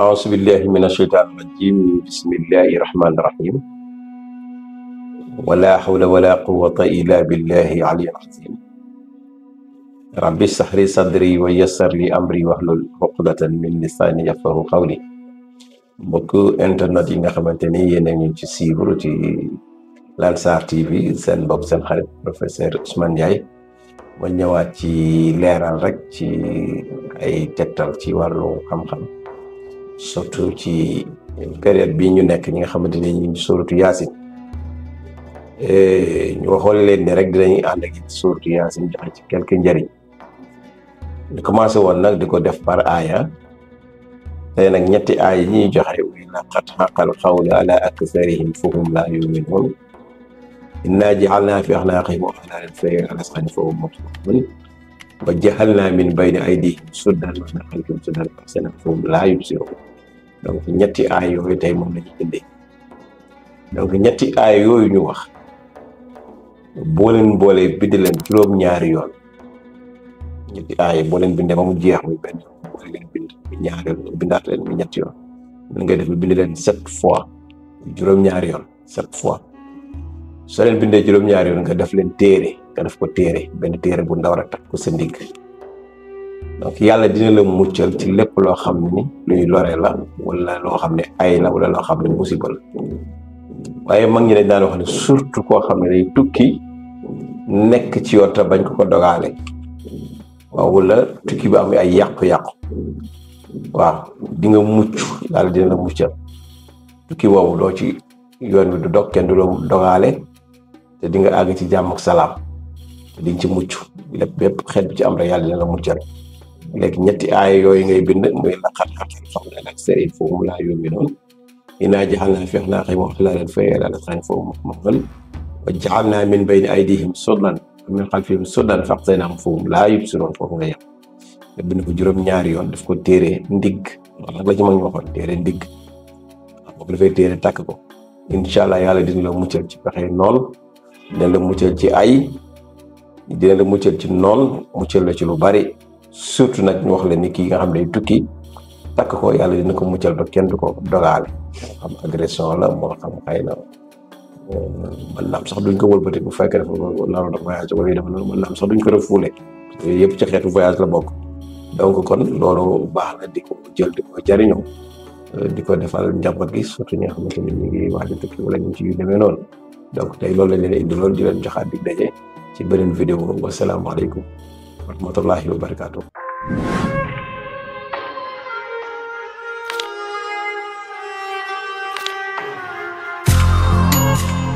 auzu billahi min asheytaan irajim bismillahi rahmaani rahim wala hawla wala quwata illa billahi aliyil azim rabbi shrah li sadri wa yassir li amri wahlul uqdatan min lisaani yafqahu qawli mbokk internet yi nga xamante ni yéen a ngi ci suivre ci Lansarr TV seen bopp seen xarit professeur Ousmane Ndiaye ma ñëwaat ci leeral rek ci ay tegtal ci wàllu xam-xam surtout ci période bi ñu nekk ñi nga xamante ne ñu ngi sóoratu yaasin eh, ñu waxoon leen ne rek dinañuy ànd ak sóoratu joxe ci quelque njëriñ commencé woon nag di ko def par aaya tey nag ñetti aaya ñuy joxe wi laqad xaqal xawlu ala aktharihim fahum laa yuminuun inna ja'alna fi axnaaqihim axlaalan fa hiya ala asqaanihim fahum muqmahun wa jaxalna min bayni aydihim suddan wa min xalfihim suddan fa donc ñetti aay yooyu tey moom la ñu ñetti aay yooyu ñu wax boo leen boolee bind leen juróom-ñaari yoon ñetti aay boo leen bindee ba mu jeex muy benn boo bindaat ñetti yoon mën ngay def bi bind leen sept fois juróom-ñaari yoon sept fois soo leen bindee juróom-ñaari yoon nga def leen téere nga def ko téere benn téere bu ndaw rek takk ko sa ndigg donc yàlla dina la muccal ci lépp loo xam ni luy lore la wala loo xam ne ay la wala xam ne musiba la waaye mag ñi dañ daan wax ne surtout koo xam ne day tukki nekk ci yoon te bañ ko ko dogaale waaw wala tukki bi am ay yàqu-yàqu waaw di nga mucc yàlla dina la muccal tukki boobu doo ci yoon bi du dog kenn du la dogaale te di nga àgg ci jàmm ak salaam te ci mucc lépp bépp xeet ci am rek yàlla dina la muccal léegi ñetti aaya yooyu ngay bind muy laqad xaqal xawla ala aksarihim fa hum laa yu'minuun innaa ja'alnaa fii a'naaqihim aghlaalan fa hiya ilaa al-azqaani fa hum muqmaduun wa ja'alnaa min bayni aydihim sullan wa min xalfihim sullan fa aqsaynaahum fa hum laa yubsiruun foofu nga yem nga bind ko juróom-ñaari yoon daf ko téere ndigg wala la ci mag ñu waxoon téere ndigg waaw tàkk ko incha allah yàlla dina la ci pexe nool dina la ci ay dina la ci nool muccal la ci lu bari. surtout nag ñu wax leen ni kii nga xam ne tukki takk ko yàlla dina ko muccal ba kenn du ko dogaale moo xam agression la moo xam xëy na euh, mën naam sax duñ ko wëlbati bu fekkee dafa a voyage ba muy def loolu mën naam sax duñ ko def fuule yooyu yëpp ci xeetu voyage la bokk donc kon loolu baax na di ko jël di euh, di ko defal njaboot gi surtout ñi xam xamante ni ñu ngi waaj a tukki wala ñu ci yu demee noonu donc te loolu lañ leen indi loolu di leen joxaat dig daje ci beneen vidéo wasalaamaaleykum warahmatullahi wabarakatuh.